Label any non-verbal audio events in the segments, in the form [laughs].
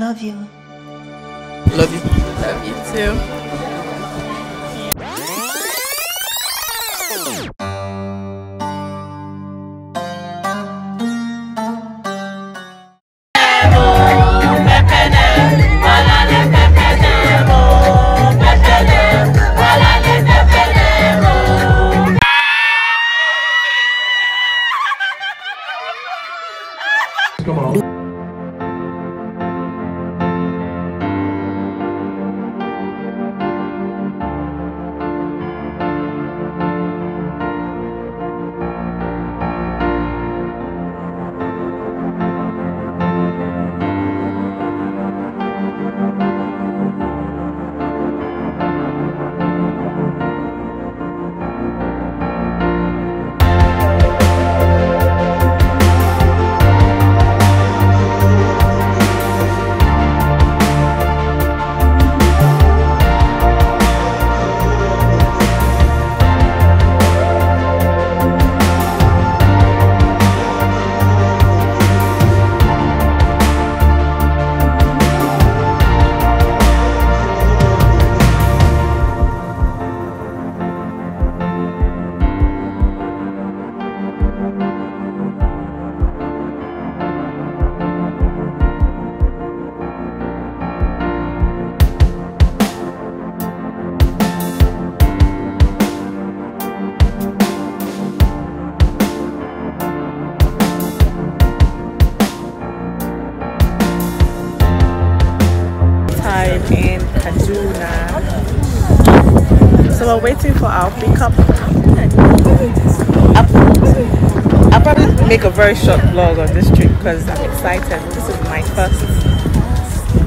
love you. Love you. Love you too. we're waiting for our pickup. I'll probably make a very short vlog on this trip because I'm excited. This is my first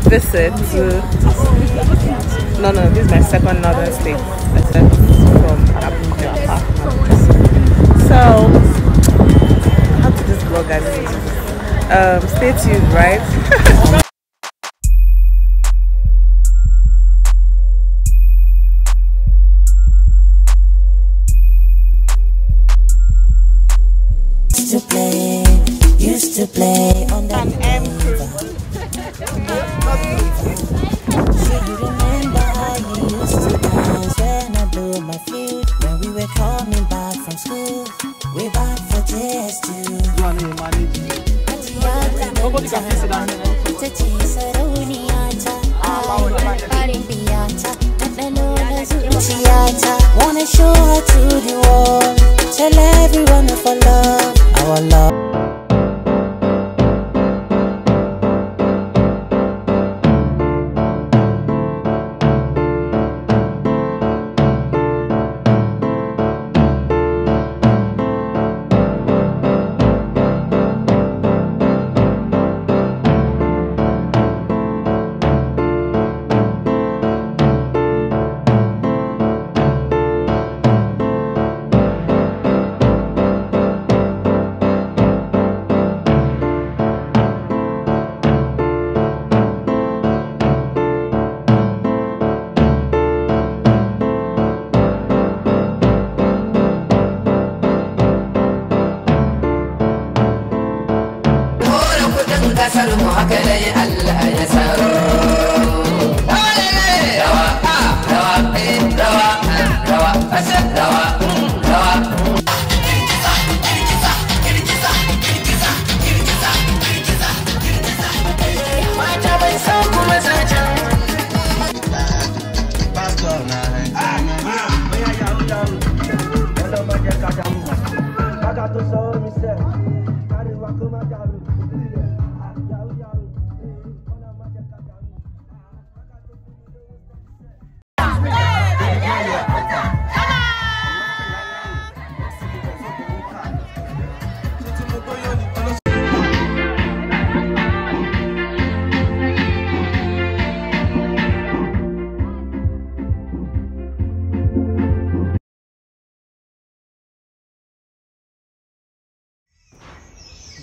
visit to... No, no, this is my second northern state. That's from Abuja, So, how to this vlog, end? Um, stay tuned, right? [laughs] to play on that An So you remember how you used to dance when I blew my fuse? When we were coming back from school, we back for JS2. Wanna show her to the world, tell everyone of our love, our love.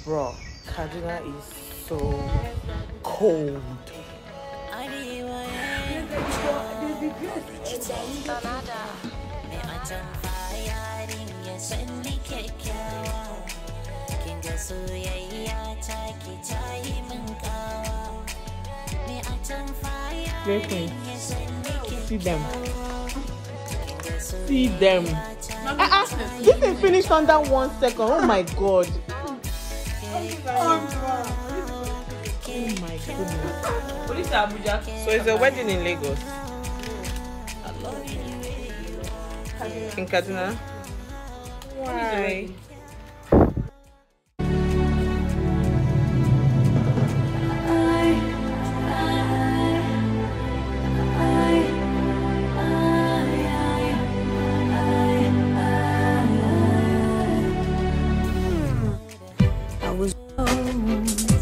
bro, Kaduna is so cold. Listen, see them. See them. Uh -uh. This is finished under one second. Oh my god. Oh my goodness. Police Abuja. So it's a wedding in Lagos. In Kaduna. Why? I was alone.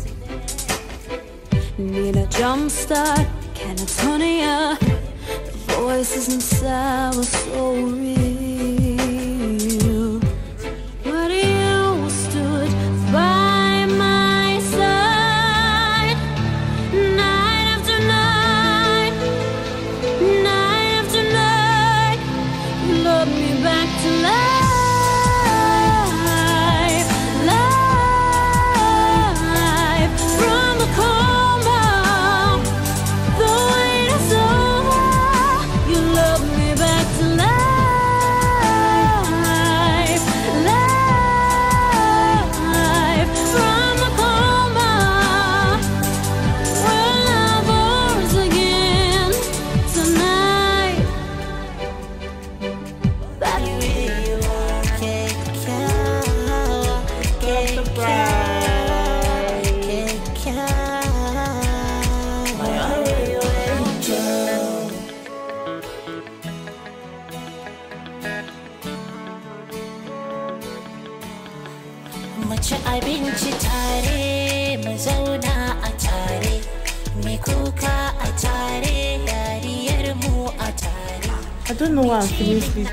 Need a jump start, can it turn The voices inside were so real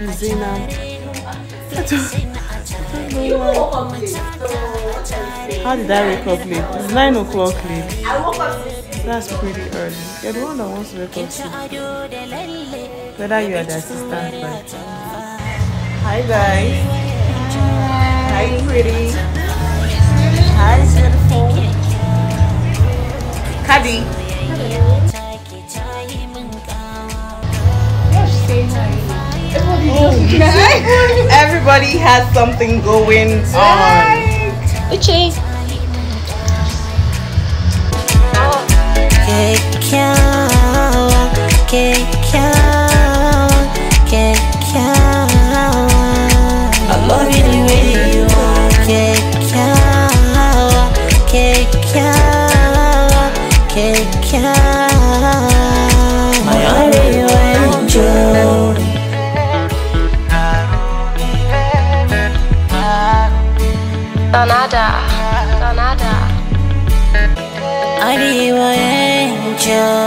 Zina. I do How did I wake up late? It's 9 o'clock late. That's pretty early. You're the one that wants to wake up soon. Whether you are the assistant, but. Hi, guys. Hi, pretty. Hi, beautiful. Hello. Yes, say hi. [laughs] Everybody has something going on. Uche. Right. Aliwa angel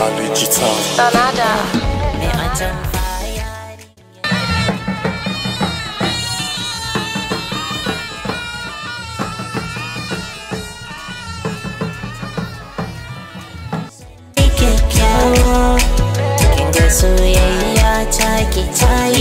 I jump soyayya ta ki ta yi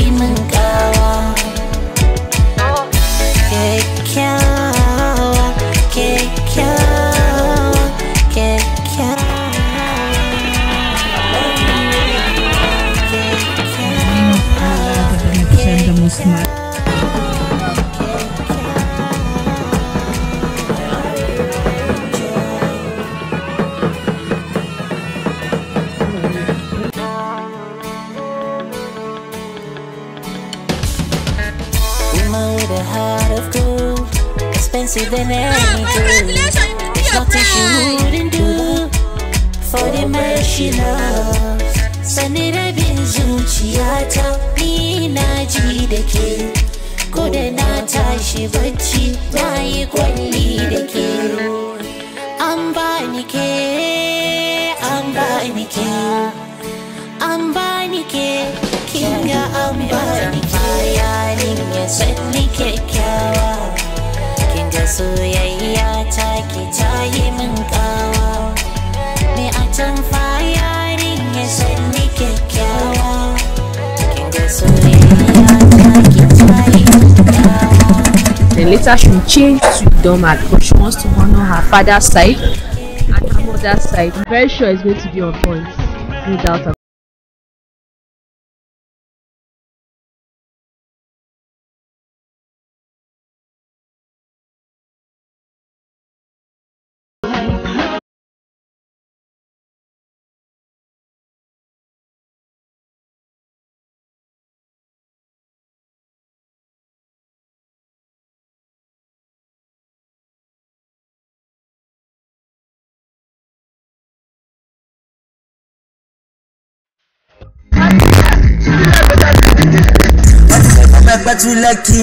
expensive than I do. There's nothing she wouldn't do for the man she loves. ni na ji da ke. Ko da na tashi barci na yi kwalli da ke. An ba ni ke, an ba Kinga ke, sanni ga soyayya ta ki ta yi min kawa me a can fayarin ya sanni kyakkyawa kin ga soyayya ta ki ta min kawa Then later she changed to Domad because she wants to honor her father's side and her mother's side. very sure it's going to be on point. No doubt about it. you lucky.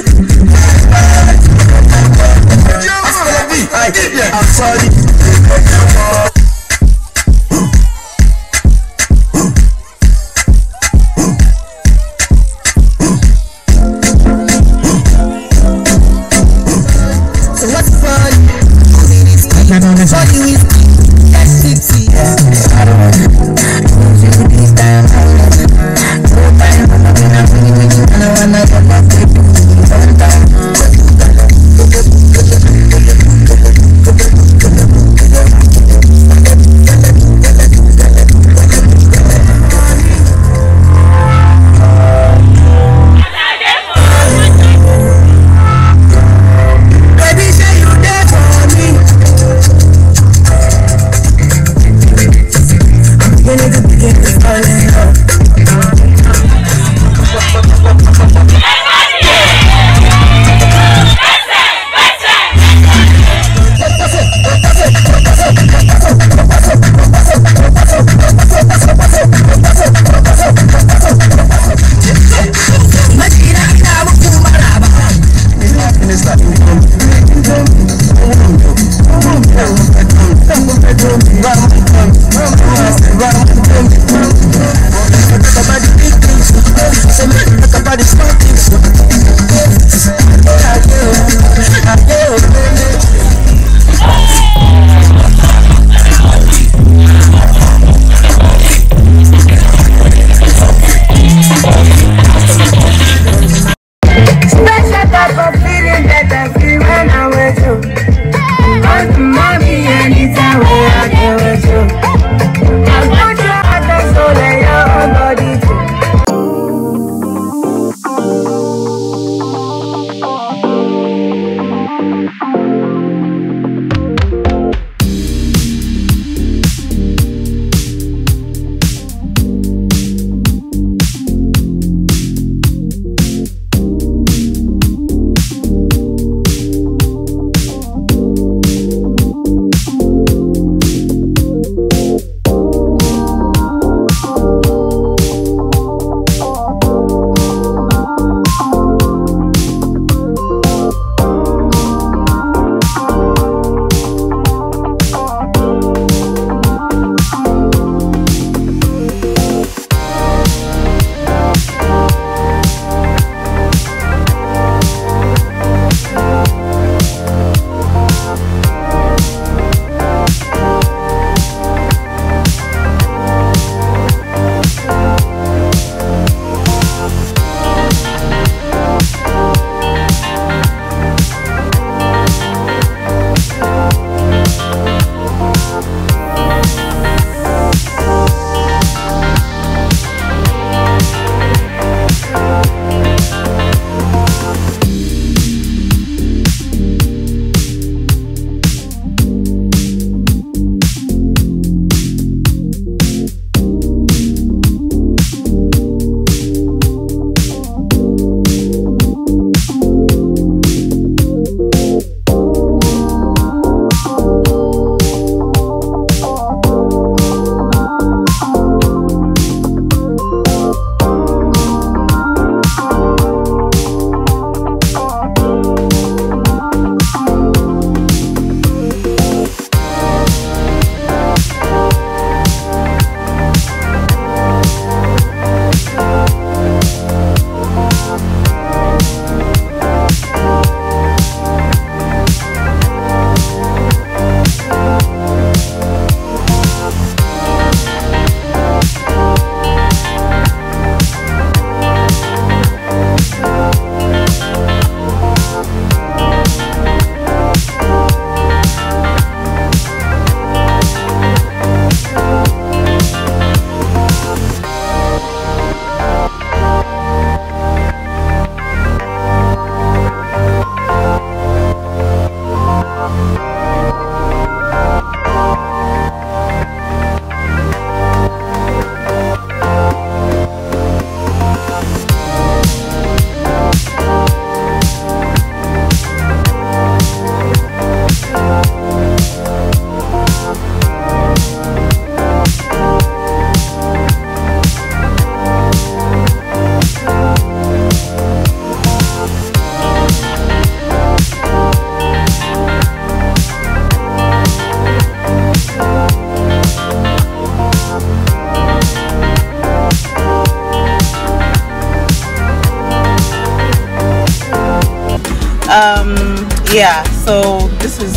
yeah so this is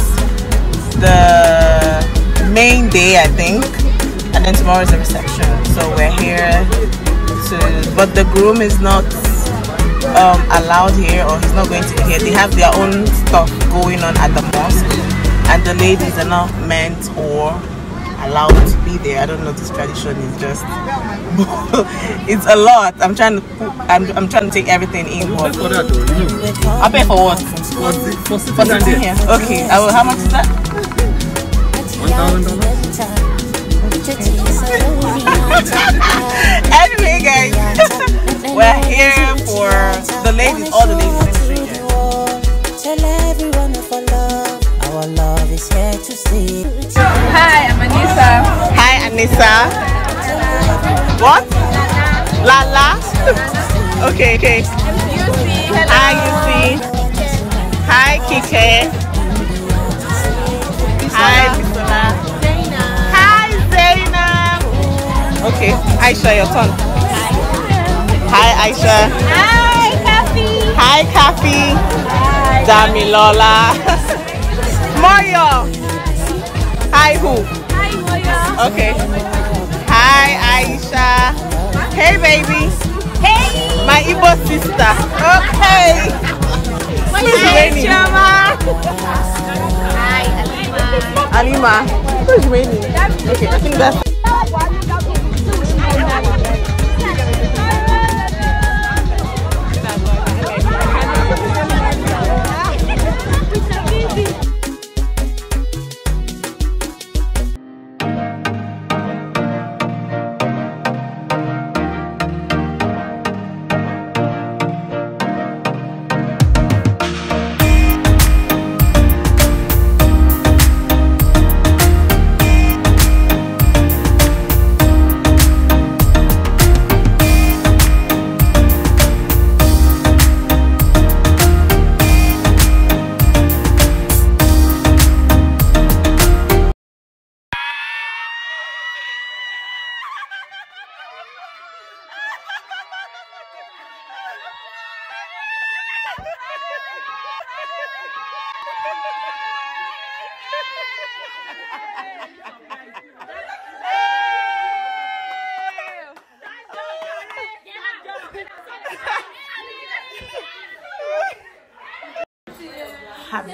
the main day i think and then tomorrow is the reception so we're here to but the groom is not um, allowed here or he's not going to be here they have their own stuff going on at the mosque and the ladies are not meant or allowed to be there. I don't know. This tradition is just [laughs] it's a lot. I'm trying to I'm, I'm trying to take everything in. You pay for that, though, you know. I pay for what? For, for, sitting, for sitting here. Okay. I will, how much is that? One thousand anyway, guys, [laughs] we're here for the ladies, all the ladies. Tell everyone of our love, our love is here to stay. Anissa. Hi, Anissa. What? Lala. Lala? [laughs] okay, okay. Yusi, hello. Hi, Yusi. Hi, Kike. Hi, Bisola. Hi, Zainab. Okay, Aisha, your turn. Hi, Aisha. Hi, Kathy. Hi, Kathy. Hi. Damilola. [laughs] Moyo. Hi, who? Okay. Hi, Aisha. Hey, baby. Hey. My Igbo sister. Okay. My Aisha. Hi, Alima. Alima. Who's Meni? Okay, I think that's.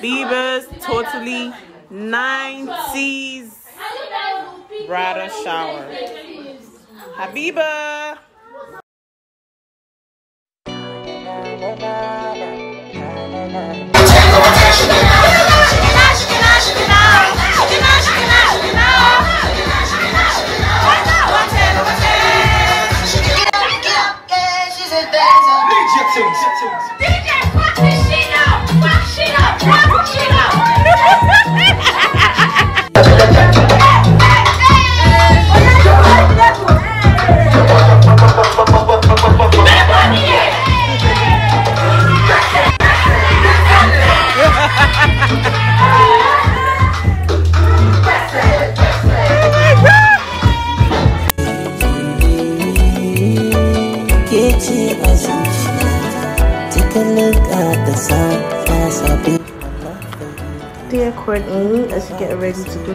Libras, totally 90s bridal shower. Habiba.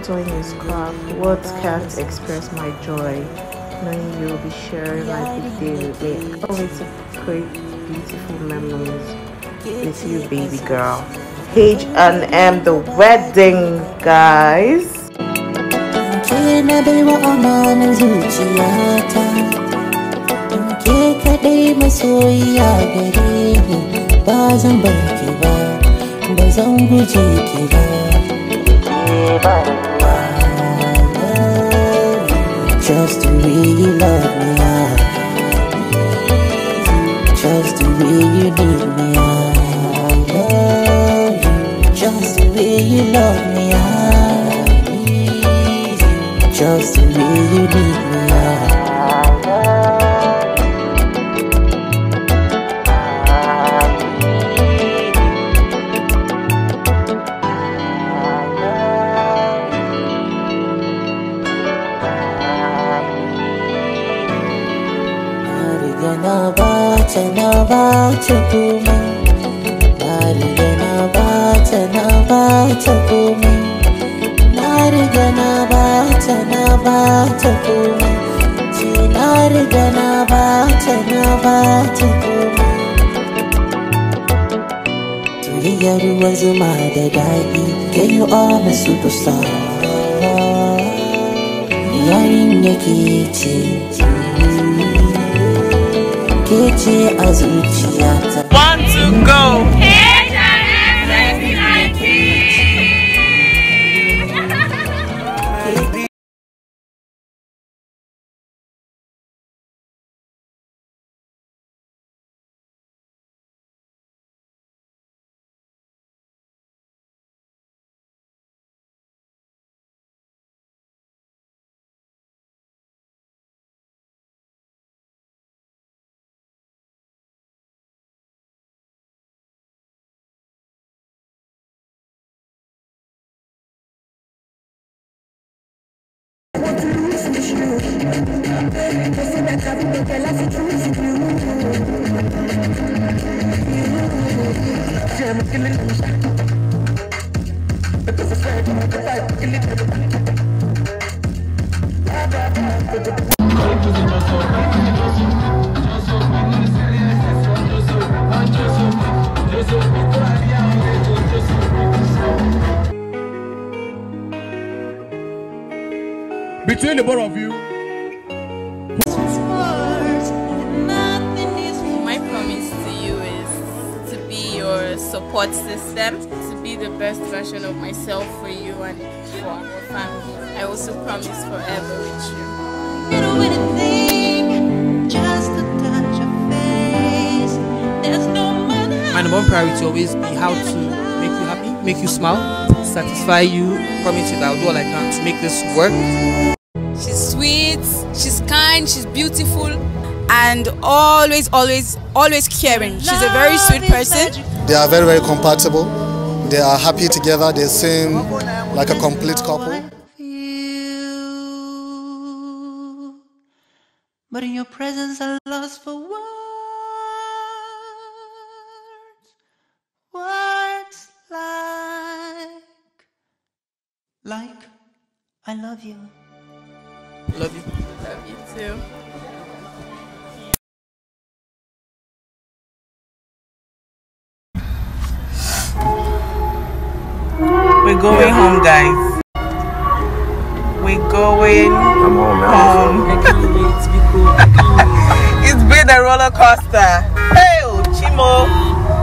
doing this craft, words can't express my joy. Knowing you will be sharing my big day with me. Only oh, to create beautiful memories with you, baby girl. H and M, the wedding, guys. Just the way you love me, Just the way you need me, love Just the way you love me, Just the way you need me, ta komai na riga na bata na bata ce na riga na bata na bata zuma da daɗi can you are my superstar yarin yake ce ke ce a want to go between the both of you support system to be the best version of myself for you and for our family. I also promise forever with you. My number one priority always be how to make you happy, make you smile, satisfy you. Promise you that I'll do all I can to make this work. She's sweet, she's kind, she's beautiful, and always, always, always caring. She's a very sweet person. They are very, very compatible. They are happy together. They seem like a complete couple. But in your presence, I lost for words. Words like, like, I love you. Love you. Love you too. going home, guys. We're going I'm home. home. [laughs] it's been a roller coaster. Hey, Chimo.